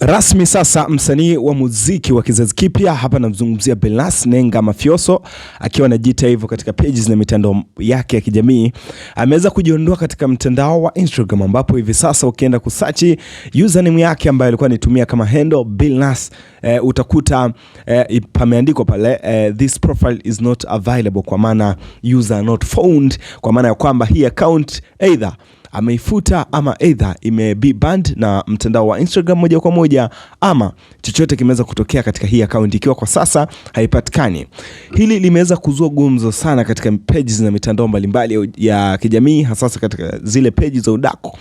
Rasmi sasa msanii wa muziki wa kizazi kipya hapa namzungumzia Bilnas Nenga Mafioso akiwa anajiita hivyo katika pages na mitandao yake ya kijamii ameweza kujiondoa katika mtandao wa Instagram ambapo hivi sasa ukienda kusachi username yake ambayo alikuwa anitumia kama handle Bilnas eh, utakuta eh, pameandikwa pale eh, this profile is not available kwa maana user not found kwa maana ya kwamba hii account either ameifuta ama either ime be banned na mtandao wa Instagram moja kwa moja, ama chochote kimeweza kutokea katika hii account, ikiwa kwa sasa haipatikani. Hili limeweza kuzua gumzo sana katika pages na mitandao mbalimbali ya kijamii, hasa katika zile pages za udaku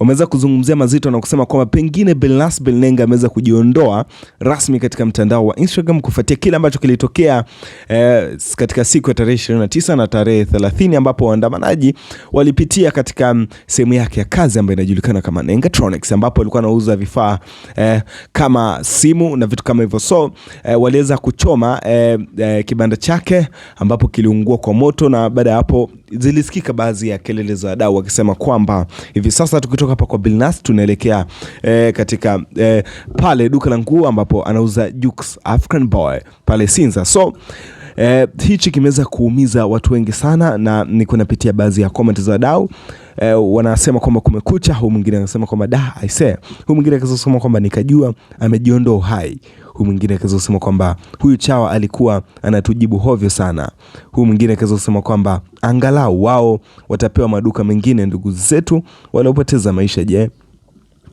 wameweza kuzungumzia mazito na kusema kwamba pengine Bilnas Bilnenga ameweza kujiondoa rasmi katika mtandao wa Instagram kufuatia kile ambacho kilitokea eh, katika siku ya tarehe 29 na tarehe 30 ambapo waandamanaji walipitia katika mm, sehemu yake ya kazi ambayo inajulikana kama Nengatronics ambapo alikuwa anauza vifaa eh, kama simu na vitu kama hivyo, so eh, waliweza kuchoma eh, eh, kibanda chake ambapo kiliungua kwa moto na baada ya hapo zilisikika baadhi ya kelele za wadau wakisema kwamba hivi sasa tukitoka hapa kwa Billnas tunaelekea e, katika e, pale duka la nguo ambapo anauza Jux African Boy pale Sinza. So e, hichi kimeweza kuumiza watu wengi sana, na niko napitia baadhi ya comment za wadau eh, wanasema kwamba kumekucha, huyu mwingine anasema kwamba da say, huyu mwingine akazosema kwamba nikajua amejiondoa uhai, huyu mwingine akazosema kwamba huyu chawa alikuwa anatujibu hovyo sana, huyu mwingine kusema kwamba angalau wao watapewa maduka mengine, ndugu zetu waliopoteza maisha. Je,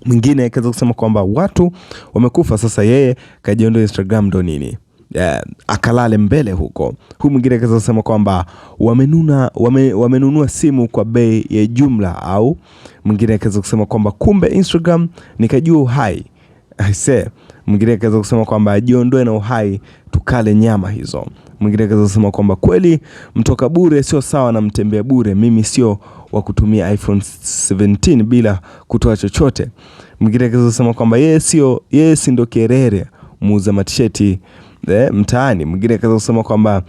mwingine akaweza kusema kwamba watu wamekufa sasa, yeye kajiondoa Instagram ndo nini? eh, akalale mbele huko. Huyu mwingine akaweza kusema kwamba wamenunua, wame, wamenunua simu kwa bei ya jumla, au mwingine akaweza kusema kwamba kumbe Instagram nikajua uhai aise. Mwingine akaweza kusema kwamba jiondoe na uhai tukale nyama hizo. Mwingine akaweza kusema kwamba kweli mtoka bure sio sawa na mtembea bure, mimi sio wa kutumia iPhone 17 bila kutoa chochote. Mwingine akaweza kusema kwamba yeye sio yeye, si ndo kerere muuza matisheti eh, mtaani. Mwingine akaweza kusema kwamba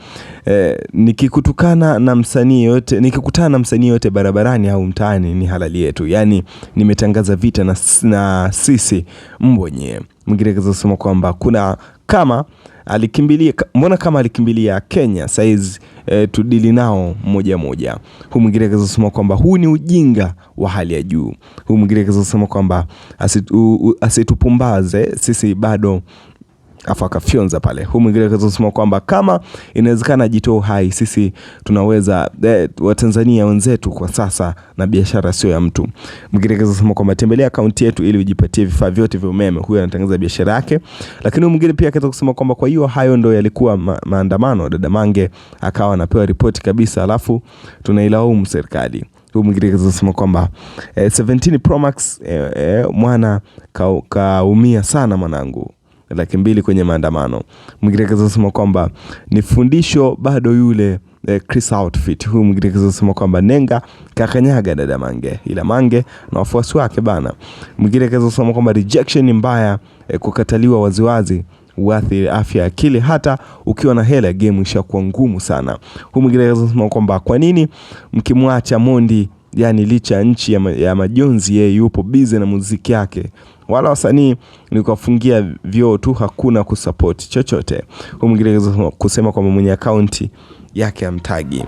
eh, nikikutukana na msanii yote, nikikutana na msanii yote barabarani au mtaani ni halali yetu, yaani nimetangaza vita na, na sisi mbonye. Mwingine akaweza kusema kwamba kuna kama alikimbilia mbona kama alikimbilia Kenya saizi eh, tudili nao moja moja. Huyu mwingine akaweza kusema kwamba huu ni ujinga wa hali ya juu. Huyu mwingine akaweza kusema kwamba asitu, asitupumbaze sisi bado afu akafyonza pale. Huyu mwingine akasema kwamba kama inawezekana ajitoe uhai, sisi tunaweza eh, Watanzania wenzetu kwa sasa, na biashara sio ya mtu. Mwingine akasema kwamba tembelea akaunti yetu ili ujipatie vifaa vyote vya umeme. Huyu anatangaza biashara yake, lakini mwingine pia akaweza kusema kwamba kwa hiyo hayo ndo yalikuwa ma maandamano. Dada Mange akawa anapewa ripoti kabisa, alafu tunailaumu serikali huyu mwingine kasema kwamba eh, 17 Pro Max eh, eh, mwana kaumia ka sana mwanangu laki mbili kwenye maandamano. Mwingine akasema kwamba ni fundisho bado yule eh, Chris Outfit. Huyu kwamba Nenga kakanyaga dada Mange, ila Mange na wafuasi wake bana. Mwingine akasema kwamba rejection ni mbaya, eh, kukataliwa waziwazi uathiri afya ya akili hata ukiwa na hela, game ishakuwa ngumu sana. Huyu mwingine akasema kwamba kwa nini mkimwacha Mondi yani licha ya nchi ya, ma, ya majonzi, yeye yupo bize na muziki yake. Wala wasanii ni kuwafungia vyoo tu, hakuna kusapoti chochote. Huu mwingine kusema kwamba mwenye akaunti yake ya mtagi.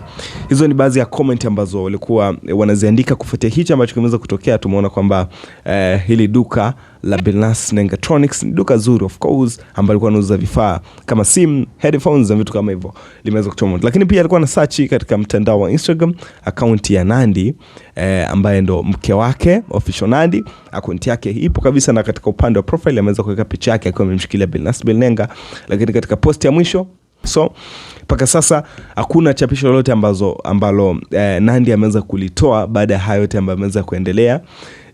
Hizo ni baadhi ya comment ambazo walikuwa wanaziandika kufuatia hichi ambacho kimeweza kutokea. Tumeona kwamba eh, hili duka la Billnass Negatronics ni duka zuri of course, ambalo alikuwa anauza vifaa kama sim, headphones na vitu kama hivyo, limeweza kuchoma moto. Lakini pia alikuwa na search katika mtandao wa Instagram account ya Nandi eh, ambaye ndo mke wake official Nandi, account yake ipo kabisa, na katika upande wa profile ameweza kuweka picha yake akiwa amemshikilia Billnass Billnenga, lakini katika post ya mwisho So mpaka sasa hakuna chapisho lolote ambazo ambalo eh, nandi ameweza kulitoa baada ya hayo yote ambayo ameweza kuendelea.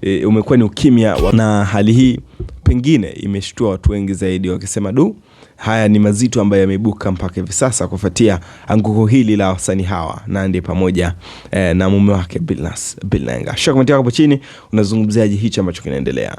Eh, umekuwa ni ukimya, na hali hii pengine imeshtua watu wengi zaidi, wakisema du, haya ni mazito ambayo yameibuka mpaka hivi sasa kufuatia anguko hili la wasani hawa nandi pamoja eh, na mume wake Billnass Billnass. Hapo chini unazungumziaje hicho ambacho kinaendelea?